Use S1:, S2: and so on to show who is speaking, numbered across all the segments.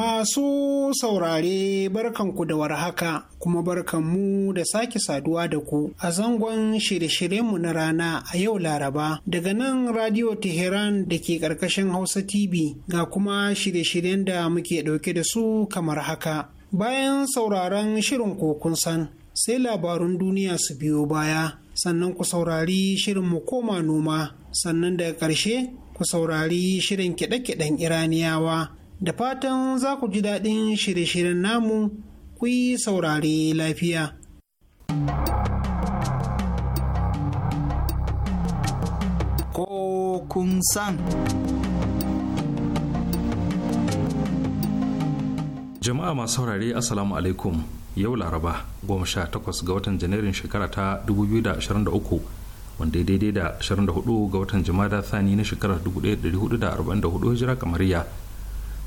S1: Masu saurare barkanku da warhaka kuma barkanmu da sake saduwa da ku a zangon shirye-shiryenmu na rana a yau Laraba daga nan Radio Teheran da ke ƙarƙashin Hausa TV ga kuma shirye-shiryen da muke ɗauke da su kamar haka. Bayan sauraron shirin kokun san sai labarun duniya su biyo baya sannan ku saurari shirin mu koma noma sannan daga ƙarshe ku saurari shirin kiɗe-kiɗen Iraniyawa. da fatan za ku ji daɗin shirye-shiryen namu ku yi saurare lafiya. Ko kun san.
S2: Jama'a masu saurare Assalamu alaikum yau Laraba goma sha takwas ga watan Janairun shekara ta 2023. wanda ya daidai da 24 ga watan da thani na shekarar 1444 hijira kamariya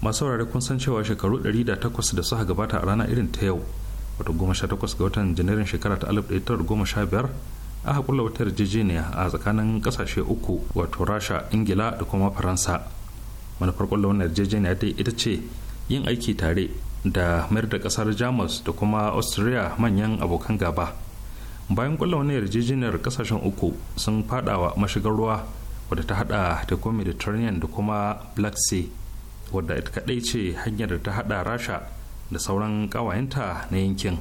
S2: masu kun san cewa shekaru 108 da suka gabata a rana irin ta yau wato 18 ga watan janairun shekara ta 1915 aka kulla wata yarjejeniya a tsakanin kasashe uku wato rasha ingila da kuma faransa manufar kulla wannan yarjejeniya dai ita ce yin aiki tare da mayar da kasar jamus da kuma austria manyan abokan gaba bayan kulla wani yarjejeniyar kasashen uku sun fadawa mashigar ruwa wadda ta hada tekun mediterranean da kuma black sea wadda ita kaɗai ce hanyar da ta haɗa rasha da sauran ƙawayenta na yankin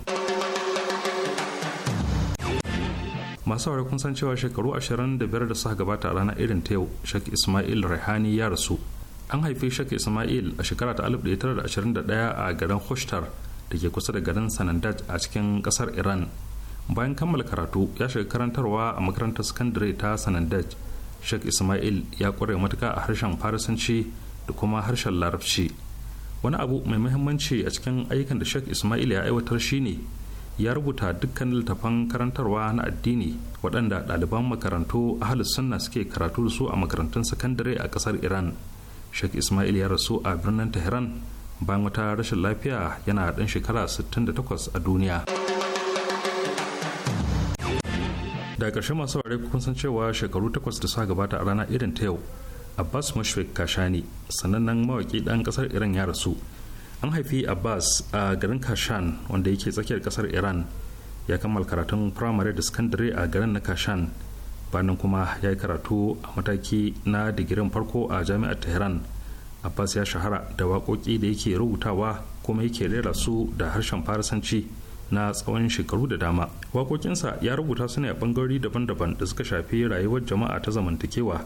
S2: masu aure kun san cewa shekaru 25 da suka gabata a ranar irin ta yau shak ismail rehani ya rasu an haife shek ismail a shekara ta 1921 a garin hushtar da ke kusa da garin sanandaj a cikin kasar iran bayan kammala karatu ya shiga karantarwa a makarantar sakandare ta sanandaj shek ismail ya kware matuka a harshen farisanci da kuma harshen larabci wani abu mai muhimmanci a cikin ayyukan da sheikh ismail ya aiwatar shine ya rubuta dukkan littafan karantarwa na addini waɗanda ɗaliban makarantu ahalus sunna suke karatu da su a makarantun sakandare a ƙasar iran sheikh ismail ya rasu a birnin tehran bayan wata rashin lafiya yana ɗan shekara 68 a duniya da ƙarshe masu ware kun san cewa shekaru takwas da sa gabata a rana irin ta yau abbas mashfik kashani sanannen mawaki ɗan ƙasar iran ya rasu an haifi abbas a garin kashan wanda yake tsakiyar ƙasar iran ya kammala karatun firamare da sakandare a garin na kashan bayan kuma ya yi karatu a mataki na digirin farko a jami'ar tehran abbas ya shahara da waƙoƙi da yake rubutawa kuma yake rera su da harshen farisanci na tsawon shekaru da dama waƙoƙinsa ya rubuta su ne a bangarori daban-daban da suka shafi rayuwar jama'a ta zamantakewa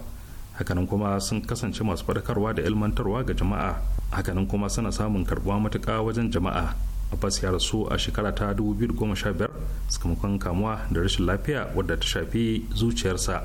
S2: hakanan kuma sun kasance masu faɗakarwa da ilmantarwa ga jama'a hakanan kuma suna samun karbuwa matuƙa wajen jama'a abbas ya rasu a shekara ta 2015 sakamakon kamuwa da rashin lafiya wadda ta shafi zuciyarsa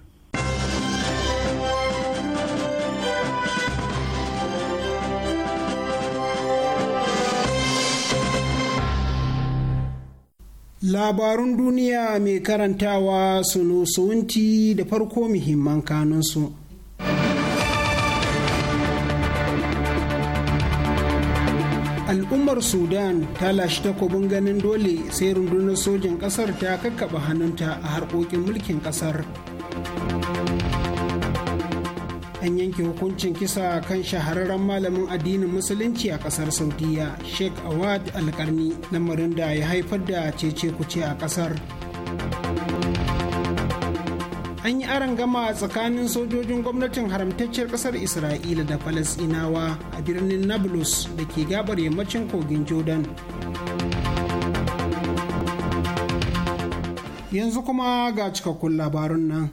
S1: Labarun duniya mai karantawa sunusunti da farko muhimman kanunsu. Al'ummar Sudan ta lashe takobin ganin dole sai rundunar sojin kasar ta kakkaba hannunta a harkokin mulkin kasar. an yanke hukuncin kisa kan shahararren malamin addinin musulunci a kasar saudiya sheikh awad alkarni lamarin da ya haifar da cece kuce a kasar an yi aron gama tsakanin sojojin gwamnatin haramtacciyar kasar isra'ila da falasinawa a birnin nablus da ke gabar yammacin kogin jordan yanzu kuma ga cikakkun labarun nan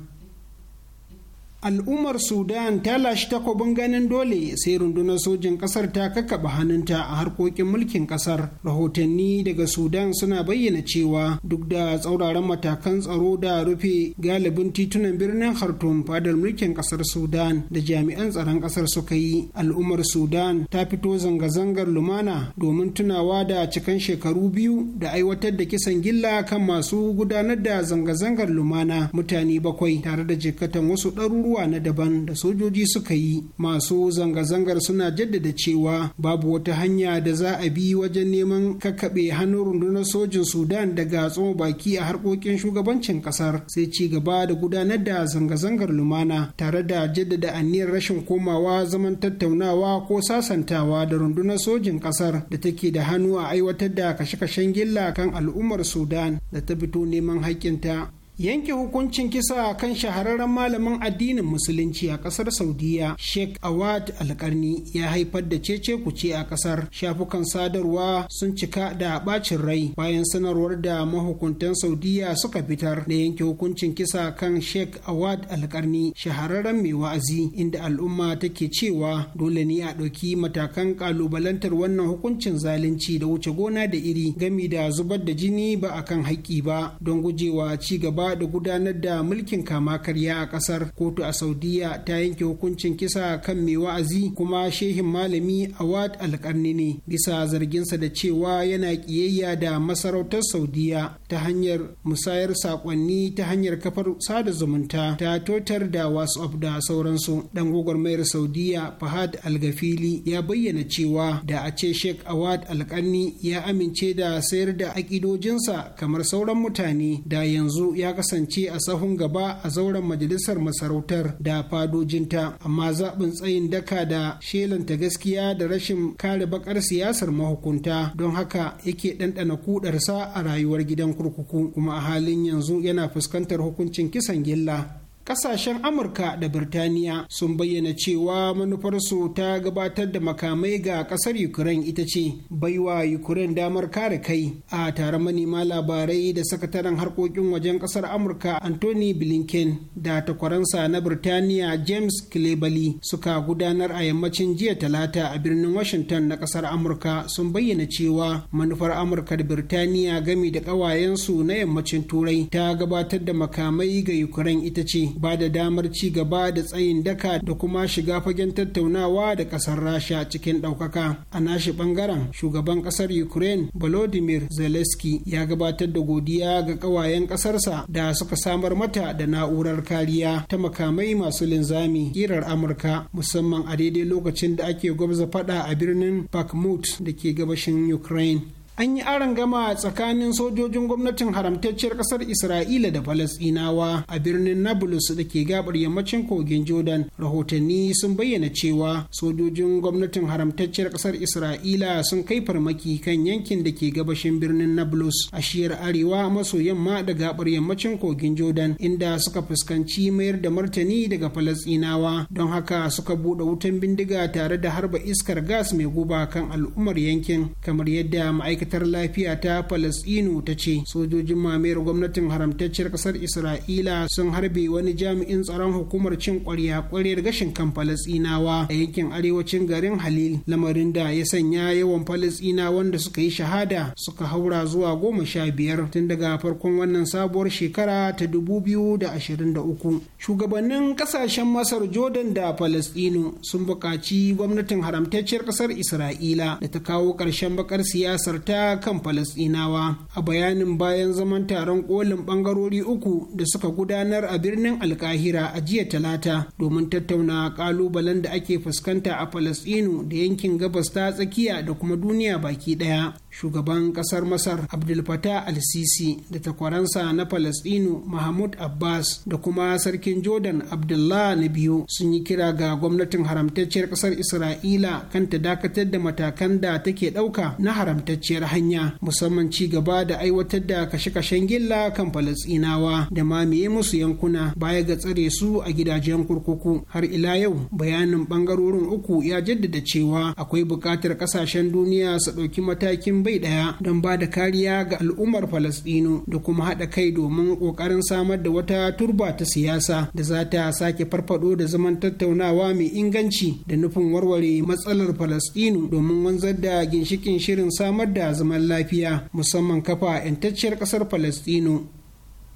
S1: al'ummar sudan ta lashe takobin ganin dole sai rundunar sojin kasar ta kakkaba hannunta a harkokin mulkin kasar rahotanni daga sudan suna bayyana cewa duk da tsauraran matakan tsaro da rufe galibin titunan birnin khartoum fadar mulkin kasar sudan da jami'an tsaron kasar suka yi al'ummar sudan ta fito zanga-zangar lumana domin tunawa da cikan shekaru biyu da aiwatar da kisan gilla kan masu gudanar da zanga-zangar lumana mutane bakwai tare da jikatan wasu ɗaru. abubuwa na daban da sojoji suka yi masu zanga-zangar suna jaddada cewa babu wata hanya da za a bi wajen neman kakkaɓe hannun rundunar sojin sudan daga tsoma baki a harkokin shugabancin kasar sai ci gaba da gudanar da zanga-zangar lumana tare da jaddada anniyar rashin komawa zaman tattaunawa ko sasantawa da rundunar sojin kasar da take da hannu a aiwatar da kashe-kashen gilla kan al'ummar sudan da ta fito neman haƙƙinta yanke hukuncin kisa kan shahararren malamin addinin musulunci a kasar saudiya sheikh awad alkarni ya haifar da cece kuce a kasar shafukan sadarwa sun cika da bacin rai bayan sanarwar da mahukuntan saudiya suka fitar da yanke hukuncin kisa kan sheikh awad alkarni shahararren mai wa'azi inda al'umma take cewa dole ne a ɗauki matakan kalubalantar wannan hukuncin zalunci da wuce gona da iri gami da zubar da jini ba a kan haƙƙi ba don gujewa ci gaba da gudanar da mulkin kama karya a kasar kotu a saudiya ta yanke hukuncin kisa kan mai wa'azi kuma shehin malami awad alkarni ne bisa zarginsa da cewa yana ƙiyayya da masarautar saudiya ta hanyar musayar saƙonni ta hanyar kafar sada zumunta ta totar da whatsapp da sauransu dan gwagwarmayar saudiya fahad algafili ya bayyana cewa da a ce sheikh awad alkarni ya amince da sayar da akidojinsa kamar sauran mutane da yanzu ya kasance a sahun gaba a zauren majalisar masarautar da fadojinta amma zaɓin tsayin daka da shelanta gaskiya da rashin kare bakar siyasar mahukunta don haka yake ɗanɗana kudarsa a rayuwar gidan kurkuku kuma a halin yanzu yana fuskantar hukuncin kisan gilla kasashen amurka da birtaniya sun bayyana cewa manufarsu ta gabatar da makamai ga kasar ukraine ita ce baiwa ukraine damar kare kai a taron manema labarai da sakataren harkokin wajen kasar amurka anthony blinken da takwaransa na birtaniya james clebali suka gudanar a yammacin jiya talata a birnin washington na kasar amurka sun bayyana cewa manufar amurka da birtaniya gami da kawayensu na yammacin turai ta gabatar da makamai ga ukraine ita ce ba da damar ci gaba da tsayin daka da kuma shiga fagen tattaunawa da kasar rasha cikin ɗaukaka a nashi ɓangaren shugaban ƙasar ukraine volodymyr zelensky ya gabatar da godiya ga ƙawayen ƙasarsa da suka samar mata da na'urar kariya ta makamai masu linzami kirar amurka musamman a daidai lokacin da ake gwabza faɗa a birnin bakhmut da ke gabashin ukraine an yi aron gama tsakanin sojojin gwamnatin haramtacciyar ƙasar isra'ila da falasdinawa a birnin nablus da ke gabar yammacin kogin jordan rahotanni sun bayyana cewa sojojin gwamnatin haramtacciyar ƙasar isra'ila sun kai farmaki kan yankin da ke gabashin birnin nablus a shiyar arewa maso yamma da gabar yammacin kogin jordan inda suka fuskanci mayar da martani daga falasdinawa don haka suka buɗe wutan bindiga tare da harba iskar gas mai guba kan al'ummar yankin kamar yadda ma'aikatan ma'aikatar lafiya ta falasɗinu ta ce sojojin mamayar gwamnatin haramtacciyar ƙasar isra'ila sun harbe wani jami'in tsaron hukumar cin ƙwarya ƙwaryar gashin kan falasɗinawa a yankin arewacin garin halil lamarin da ya sanya yawan falasɗina wanda suka yi shahada suka haura zuwa goma sha biyar tun daga farkon wannan sabuwar shekara ta dubu biyu da ashirin da uku shugabannin ƙasashen masar jordan da falasɗinu sun buƙaci gwamnatin haramtacciyar ƙasar isra'ila da ta kawo ƙarshen bakar siyasar ta kan falasɗinawa a bayanin bayan zaman taron kolin ɓangarori uku da suka gudanar a birnin alkahira a jiya talata domin tattauna ƙalubalen da ake fuskanta a falasɗinu da yankin gabas ta tsakiya da kuma duniya baki ɗaya shugaban kasar masar abdul fatah al-sisi da takwaransa na palestino mahmud abbas da kuma sarkin jordan abdullah na biyu sun yi kira ga gwamnatin haramtacciyar kasar isra'ila kan ta dakatar da matakan da take ɗauka na haramtacciyar hanya musamman ci gaba da aiwatar da kashe-kashen gilla kan Falasɗinawa da mamaye musu yankuna baya ga tsare su a gidajen kurkuku har ila yau bayanin bangarorin uku ya jaddada cewa akwai buƙatar ƙasashen duniya su ɗauki matakin bai daya don ba da kariya ga al'ummar Falasɗinu da kuma haɗa kai domin ƙoƙarin samar da wata turba ta siyasa da za ta sake farfado da zaman tattaunawa mai inganci da nufin warware matsalar Falasɗinu domin wanzar da ginshikin shirin samar da zaman lafiya musamman kafa 'yantacciyar ƙasar Falasɗinu.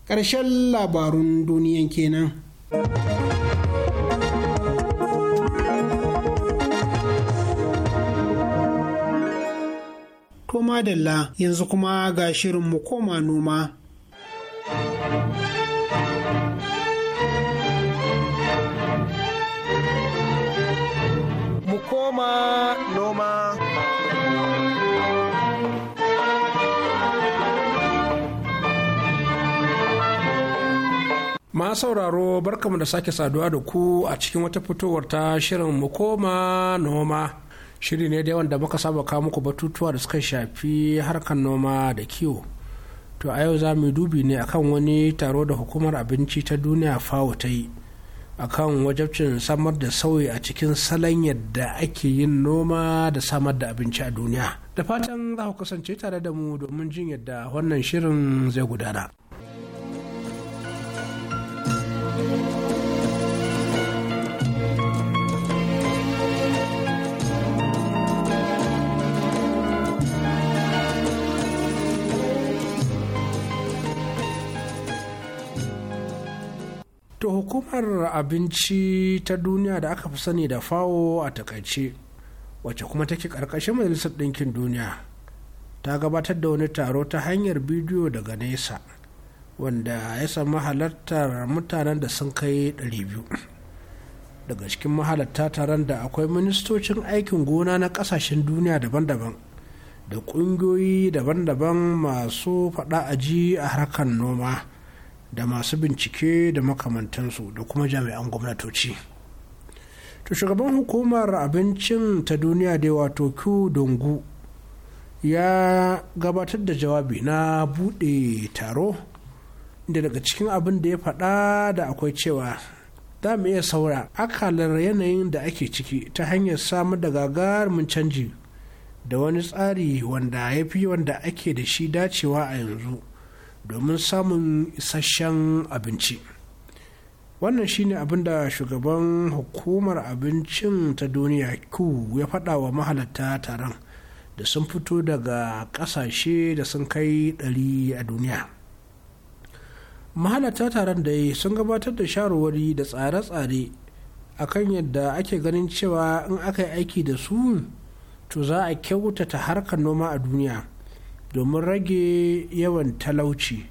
S1: Ƙarshen labarun duniyan kenan. To madalla yanzu kuma ga shirin mu koma noma. Mu koma noma.
S3: Ma sauraro barkamu da sake saduwa da ku a cikin wata fitowar ta shirin mu koma noma. shiri ne da wanda muka saba kawo muku batutuwa da suka shafi harkar noma da kiwo to a yau za mu dubi ne akan wani taro da hukumar abinci ta duniya fawo ta yi akan wajabcin samar da sauyi a cikin salon yadda ake yin noma da samar da abinci a duniya da fatan za ku kasance tare da mu domin jin yadda wannan shirin zai gudana hukumar abinci ta duniya da aka fi sani da fawo a takaice wacce kuma take karkashin majalisar ɗinkin duniya ta gabatar da wani taro ta hanyar bidiyo daga nesa wanda ya samu halartar mutanen da sun kai 200 daga cikin mahalarta taron da akwai ministocin aikin gona na kasashen duniya daban-daban da ƙungiyoyi daban-daban masu faɗa aji a harkar noma da masu bincike da makamantansu da kuma jami'an gwamnatoci to shugaban hukumar abincin ta duniya da wato q dongu ya gabatar da jawabi na buɗe taro da daga cikin abin da ya faɗa da akwai cewa za mu iya saura akalar yanayin da ake ciki ta hanyar samun da gagarumin canji da wani tsari wanda ya fi wanda ake da shi dacewa a yanzu domin samun isasshen abinci wannan shine abin da shugaban hukumar abincin ta duniya ku ya faɗa wa mahalatta taron da sun fito daga ƙasashe da sun kai ɗari a duniya mahalarta taron da sun gabatar da shawarwari da tsare-tsare akan yadda ake ganin cewa in aka yi aiki da su to za a kyautata harkar noma a duniya domin rage yawan talauci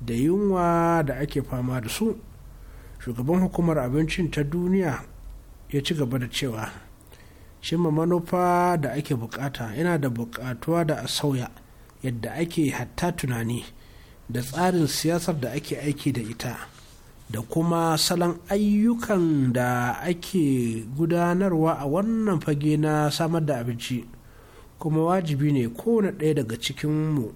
S3: da yunwa da ake fama da su shugaban hukumar abincin ta duniya ya ci gaba da cewa shima manufa da ake bukata yana da bukatuwa da a sauya yadda ake hatta tunani da tsarin siyasar da ake aiki da ita da kuma salon ayyukan da ake gudanarwa a wannan fage na samar da abinci kuma wajibi ne kowane ɗaya daga cikin mu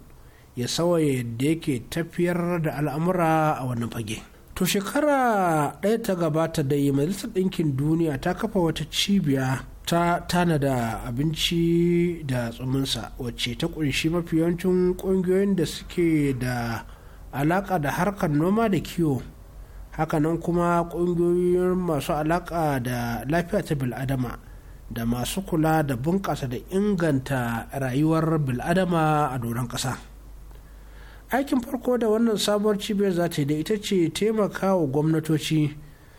S3: ya sauya yadda yake tafiyar da al'amura a wannan fage. To shekara ɗaya ta gabata da majalisar ɗinkin duniya ta kafa wata cibiya ta tanada abinci da tsuminsa wacce ta ƙunshi mafi yawancin ƙungiyoyin da suke da alaƙa da harkar noma da kiwo hakanan kuma ƙungiyoyin masu alaƙa da lafiya ta bil'adama. da masu kula da bunƙasa da inganta rayuwar biladama a doron ƙasa aikin farko da wannan sabuwar cibiyar za ta yi da ita ce taimaka wa gwamnatoci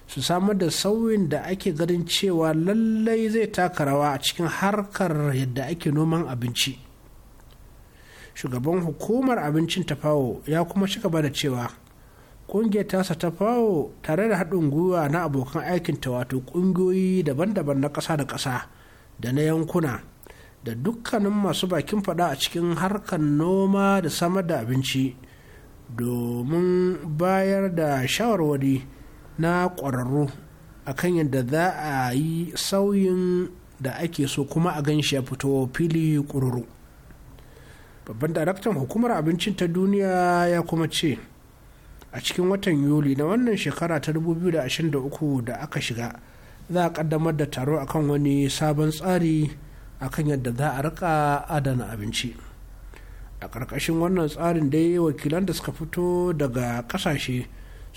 S3: su samar da sauyin da ake ganin cewa lallai zai taka rawa a cikin harkar yadda ake noman abinci shugaban hukumar abincin tafawo ya kuma shiga da cewa ƙungiyar tasa ta fawo tare da haɗin gwiwa na abokan aikin ta wato ƙungiyoyi daban-daban na ƙasa da ƙasa da na yankuna da dukkanin masu bakin faɗa a cikin harkar noma da samar da abinci domin bayar da shawarwari na ƙwararru akan yadda za a yi sauyin da ake so kuma a gan shi ya fito fili ƙururu babban daraktan hukumar abincin ta duniya ya kuma ce a cikin watan yuli na wannan shekara ta 2023 da aka shiga za a kaddamar da taro akan wani sabon tsari akan yadda za a rika adana abinci a ƙarƙashin wannan tsarin dai wakilan da suka fito daga ƙasashe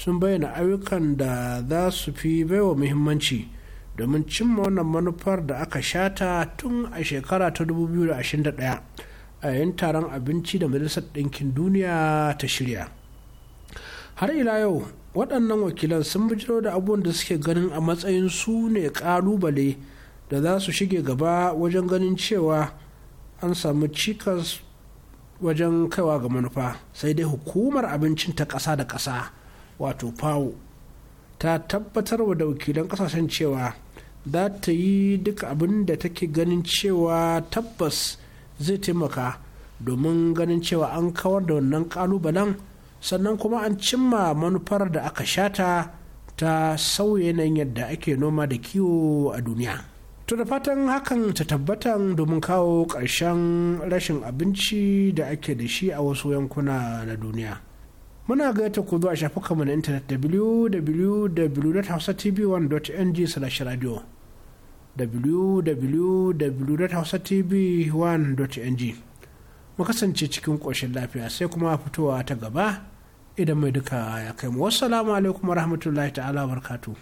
S3: sun bayyana ayyukan da za su fi baiwa muhimmanci domin cimma wannan manufar da aka shata tun a shekara ta 2021 a yayin taron abinci da majalisar ɗinkin duniya ta shirya. har ila yau waɗannan wakilan sun bijiro da abubuwan da suke ganin a matsayin su ne ƙalubale da za su shige gaba wajen ganin cewa an samu cikas wajen kaiwa ga manufa sai dai hukumar abincin ta ƙasa da ƙasa wato fawo ta tabbatar wa da wakilan ƙasashen cewa za ta yi duka abin da take ganin cewa tabbas zai taimaka domin ganin cewa an kawar da wannan ƙalubalen sannan kuma an cimma manufar da aka shata ta sauya yanayin yadda ake noma da kiwo a duniya to da fatan hakan ta tabbatan domin kawo ƙarshen rashin abinci da ake da shi a wasu yankuna na duniya muna ta ku a shafukanmu na intanet www.hausatv1.ng/radio www.hausatv1.ng mu kasance cikin ƙoshin lafiya sai kuma fitowa ta gaba idan mai duka ya kai mu salamu alaikum rahmatullahi ta'ala barkatu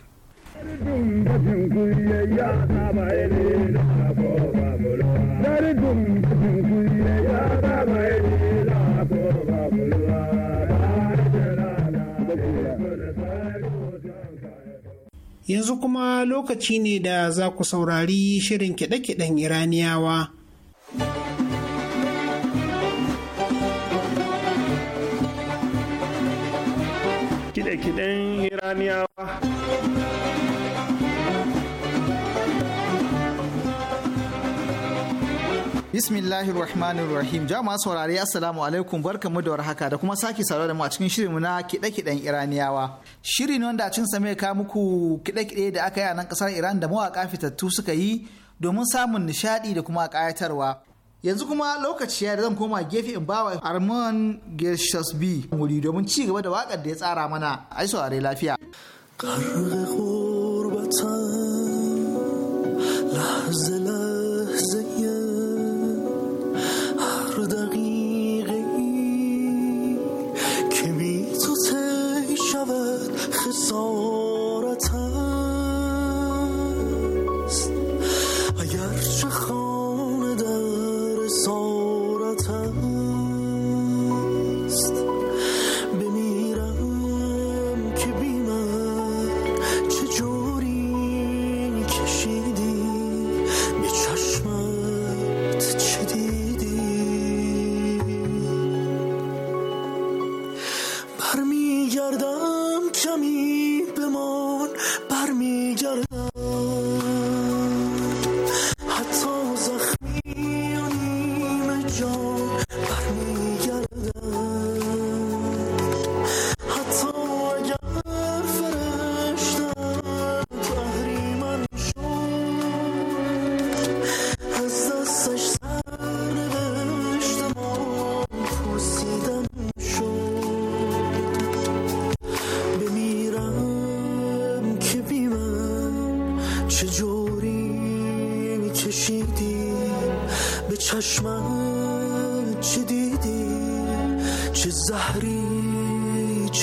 S1: Yanzu kuma lokaci ne da za ku saurari shirin kiɗe-kiɗen Iraniyawa. kiɗe iraniyawa bismillahir rahmanir rahim jama saurare assalamu alaikum mu da warhaka da kuma sake saurare da mu a cikin shirin mu na kiɗe-kiɗen iraniyawa shiri ne wanda a sa mai ka muku kiɗe-kiɗe da aka yi a nan kasar iran da mawaƙa fitattu suka yi domin samun nishaɗi da kuma kayatarwa. yanzu kuma lokaci ya da zan koma gefe in bawa arman gershas b wuri domin ci gaba da wakar da ya tsara mana ai saurari lafiya
S4: لحظه لحظه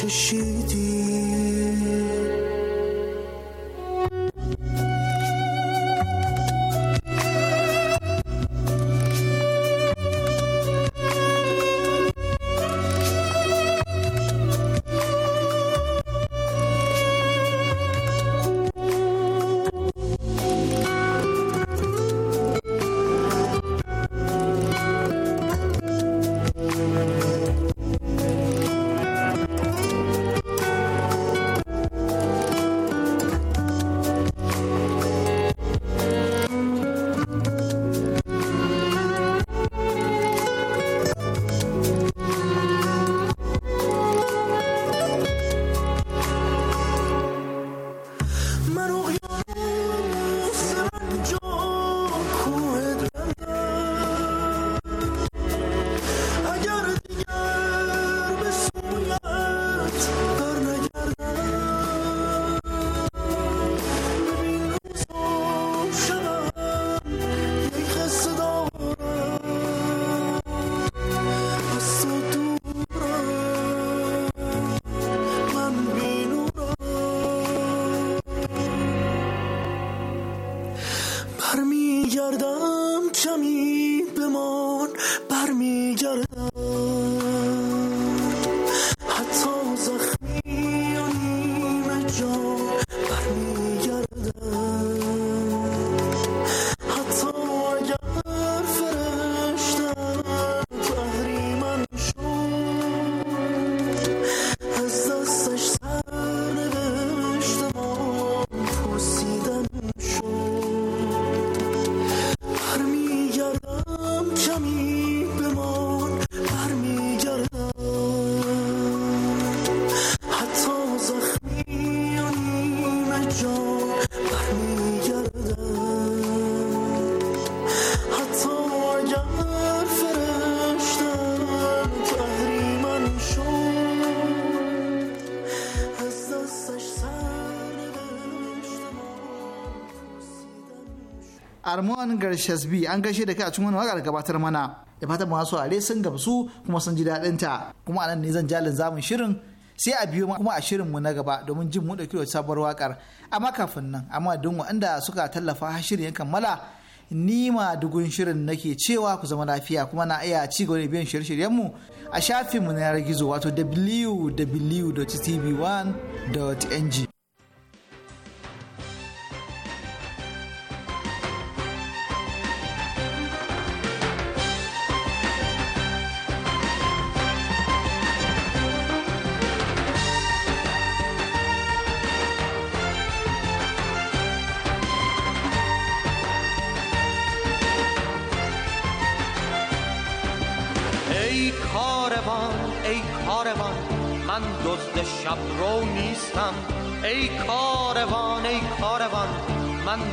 S4: to shoot.
S1: Armon bi an gaishe da kai a cikin wani da gabatar mana. Da fatan masu are sun gamsu kuma sun ji daɗin ta. Kuma anan ne zan jalin zamun shirin sai a biyo kuma a shirin mu na gaba domin jin mu dauki sabuwar wakar Amma kafin nan amma don waɗanda suka tallafa shirin kammala ni ma dugun shirin nake cewa ku zama lafiya kuma na iya ci gaba da biyan shirye mu a shafin mu na yar gizo wato www.tv1.ng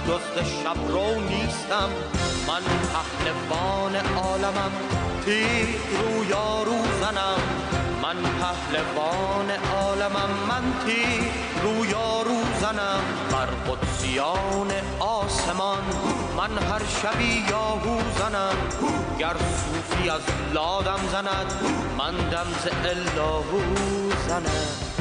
S4: دزد شب رو نیستم من پهلوان عالمم تیر رو یارو زنم من پهلوان عالمم من تی رو یارو زنم بر قدسیان آسمان من هر شبی یاهو زنم گر صوفی از لادم زند من دمز الله زنم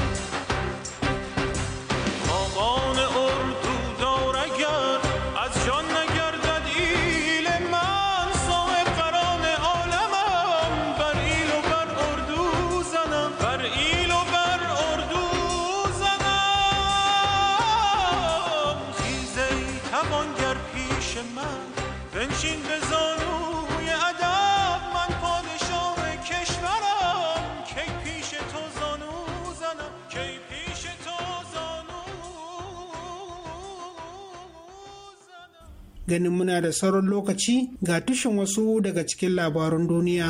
S1: ganin muna da sauran lokaci ga tushen wasu daga cikin labarun duniya.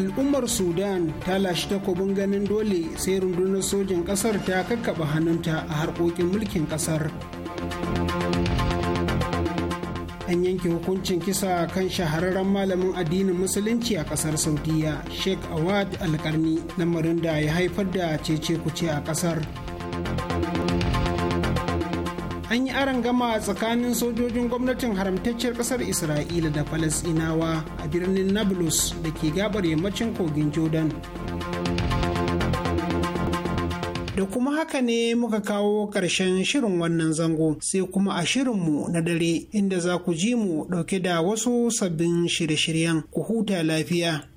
S1: al'ummar sudan ta lashe takobin ganin dole sai rundunar sojin ƙasar ta kakkaba hannunta a harkokin mulkin ƙasar. an yanke hukuncin kisa kan shahararren malamin addinin musulunci a ƙasar saudiya sheikh awad alkarni lamarin da ya haifar da cece kuce a ƙasar. an yi aron gama tsakanin sojojin gwamnatin haramtacciyar ƙasar isra'ila da falasinawa a birnin nablus da ke gabar yammacin kogin jordan da kuma haka ne muka kawo ƙarshen shirin wannan zango sai kuma a shirinmu na dare inda za ku ji mu ɗauke da wasu sabbin shirye-shiryen ku huta lafiya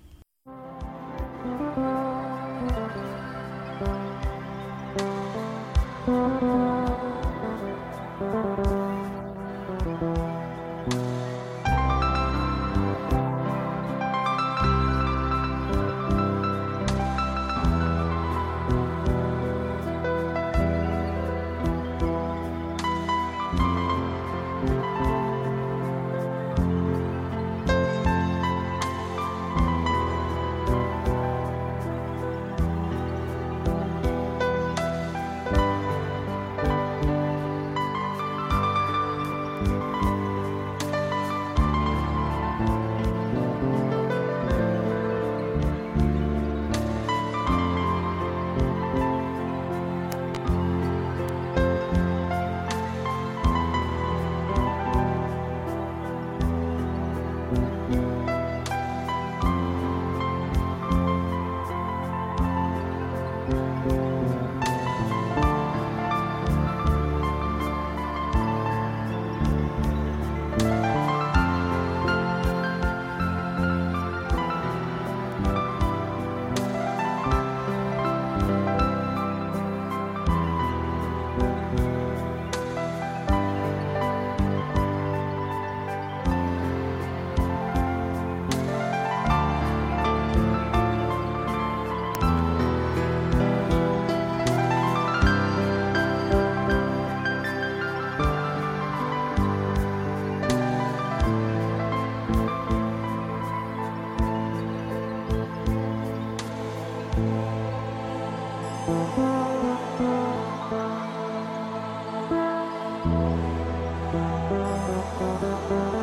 S5: Thank you.